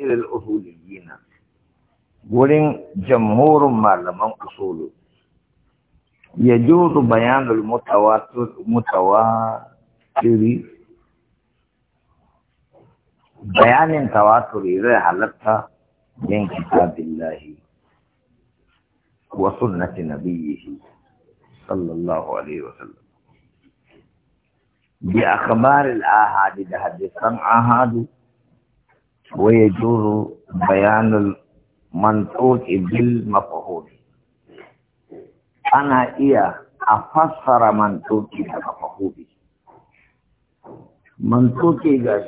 إلى الأصوليين ولن جمهور معلمان أصول يجوز بيان المتواتر متواتر بيان التواتر إذا حلقت من كتاب الله وسنة نبيه صلى الله عليه وسلم بأخبار الآهاد ده حدثا آهاد ويجوز بيان المنطوق بالمفهوم أنا إيا أفسر منطوق بالمفهوم منطوق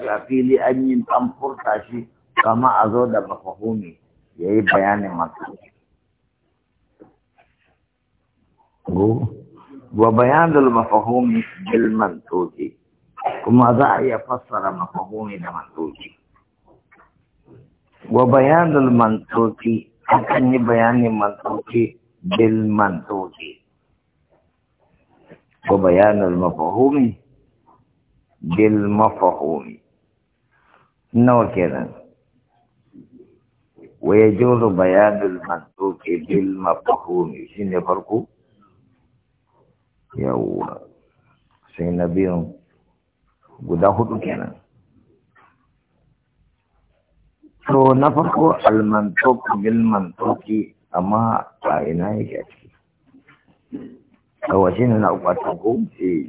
شافي لأني أنفر تاشي كما أزود مفهومي يهي بيان منطوق وبيان المفهوم بالمنطوق كما ذا يفسر مفهومي لمنطوقي وبيان المنطوكي اكني بيان المنطوكي بالمنطوكي وبيان المفهوم بالمفهوم نو كده ويجوز بيان المنطوكي بالمفهوم شين يفرقوا يا الله سيدنا بيهم غدا كده to na farko almantok bilmantoki amma a ina yake a ciki a waje ne na ukwata ko eh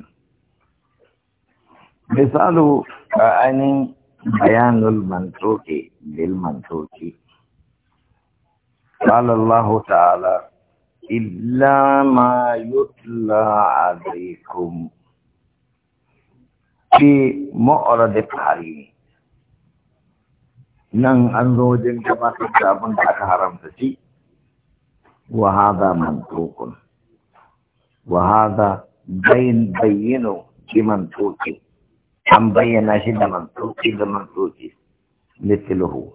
misalu a ainihin bayanul mantoki bilmantoki قال الله تعالى إلا ما يتلى عليكم في مؤرد التحريم nan an zo wajen gabatar da abin da aka haramta shi wa hada mantukun wa hada bayin bayyano shi mantuki an bayyana shi da mantuki da mantuki mithluhu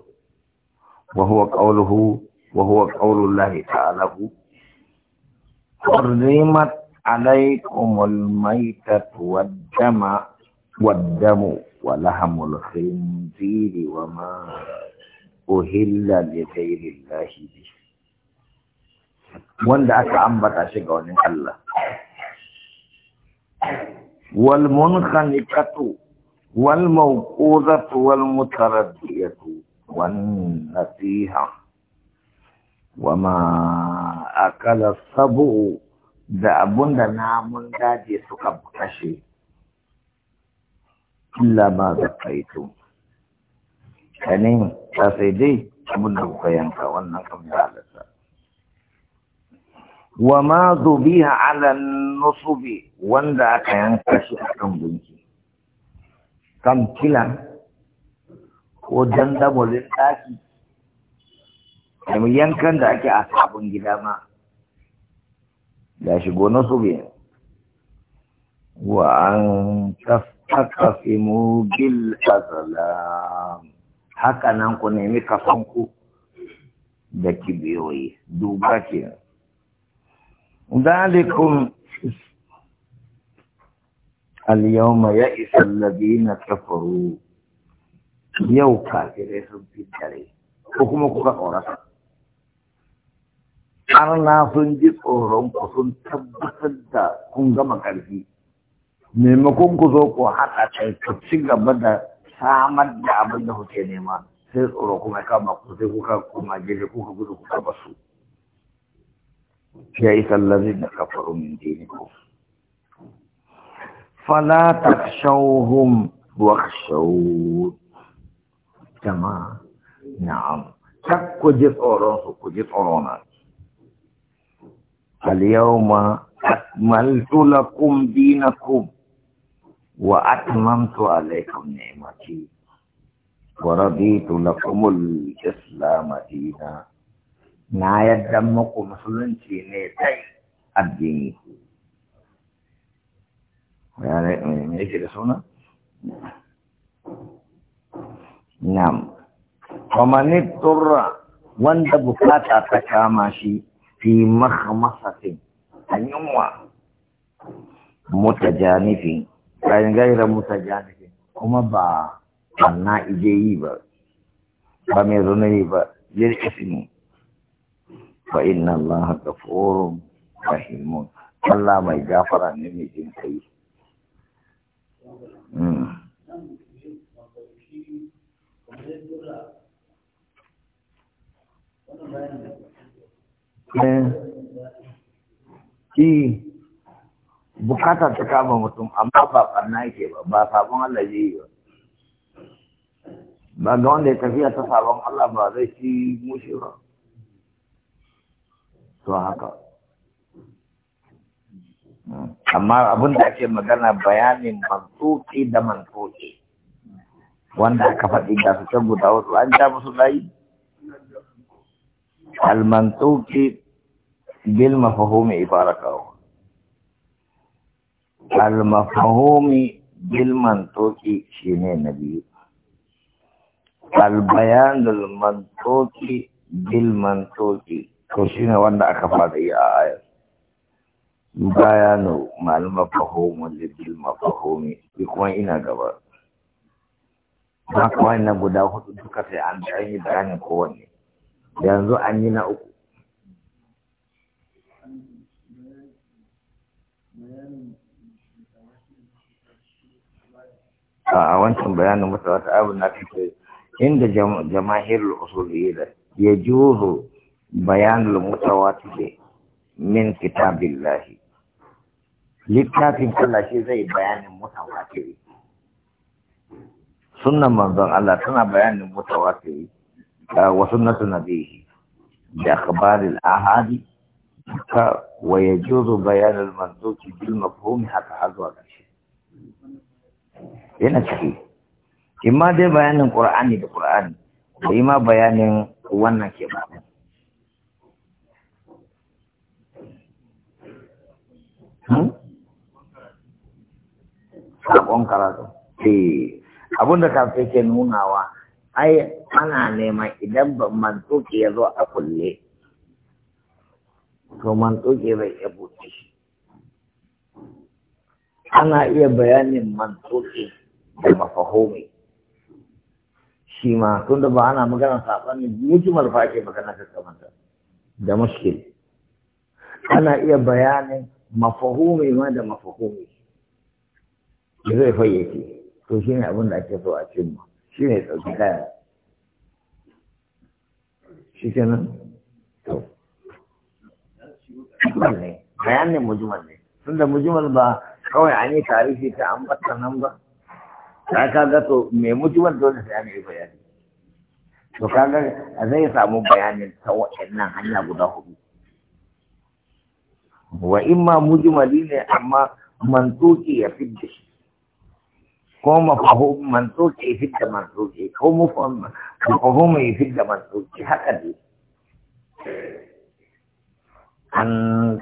wa huwa qawluhu wa huwa qawlu Allah ta'ala حرمت عليكم الميتة والدم والدم ولحم الخنزير وما wanda aka ambata shi ga wani Allah wal munkhaniqatu wal mawqudatu wal mutaraddiyatu wan nasiha wama akala sabu da abunda namun daji suka kashe illa ma zakaitu kanin ta sai dai abin da kuka yanka wannan kamar halatta wa ma zubiha ala nusubi wanda aka yanka shi akan gunki kam kila ko dandamolin ɗaki kamar yankan da ake a sabon gida ma Ya shigo nusubi wa an kaf taqasimu bil azlam haka nan ku nemi kafanku da kibiyoyi duba ke dalikum al-yawma ya'isa alladhina kafaru yau kafirai sun fitare ko kuma kuka tsorata har na sun ji tsoron ku sun tabbatar da kun gama ƙarfi maimakon ku zo ku haɗa kai ku ci gaba da samar da abin da kuke nema sai tsoro kuma kama ku sai kuka koma gefe kuka gudu kuka basu ya yi sallazi da kafaru min dinikum fala takshawhum wakhshawun jama'a na'am kak ku ji tsoron su ku ji tsorona al yawma akmaltu lakum dinakum واتممت عليكم نعمتي ورضيت لكم الاسلام دينا نايا دمكم مسلمتي نيتي الدين يعني من ايش الرسول نعم ومن اضطر وانت بفاتا تشاماشي في مخمصة أن يموى متجانفين kayan gaira musa janifi kuma ba anna ije yi ba ba mai zunubi ba yin ismi fa inna allaha rahimun Allah mai gafara ne mai jin kai hmm. Eh, bukata ta kama mutum amma ba ɓarna yake ba ba sabon Allah zai yi ba ba ga wanda ya tafiya ta sabon Allah ba zai ci mushe ba to haka amma abin da ake magana bayanin mantoki da mantoki. wanda aka faɗi ga su can guda wasu an ja musu layi al mantoki bil mafahumi ibarakawo al-mafahumi bil mantoki shine na biyu al-bayanul mantoki bil mantoki to shine wanda aka fara yi a ayar bayanu mal mafahumi kuma ina gaba ba kuma guda hudu duka sai an yi bayanin kowanne yanzu an yi na uku a wancan bayanin masa wata abu na fito inda jama'irul usuliyya ya juzu bayanul mutawatir min kitabillah littafin Allah shi zai bayanin mutawatir sunnan manzon Allah tana bayanin mutawatir wa sunnatu nabihi da akhbaril ahadi wa yajuzu bayanul mansuki bil mafhum hatta azwa yana ciki imma dai bayanin qur'ani da qur'ani da imma bayanin wannan ke ba hmm? sakon karatu eh, abun da kafin ke nunawa ai ana neman idan ba mantoki ya zo a kulle to mantoki bai iya ana iya bayanin mantoki da mafahumi shi ma tun da ba ana magana saɓani mujimar fa ake magana kakkamanta da mushkil ana iya bayanin mafahumi ma da mafahumi zai fayyace to shi ne abin ake so a cimma shi ne ɗauki kaya shi ke nan to bayanin mujimal ne tun da mujimal ba kawai an yi tarihi ta ambata nan ba Ka ga to mai mutuwar dole sai an yi bayani to kaga zai samu bayanin ta waɗannan hanya guda hudu wa imma mujmali ne amma mantuki ya fidda shi ko mafahum mantuki ya fidda mantuki ko mafahum ya fidda mantuki haka dai an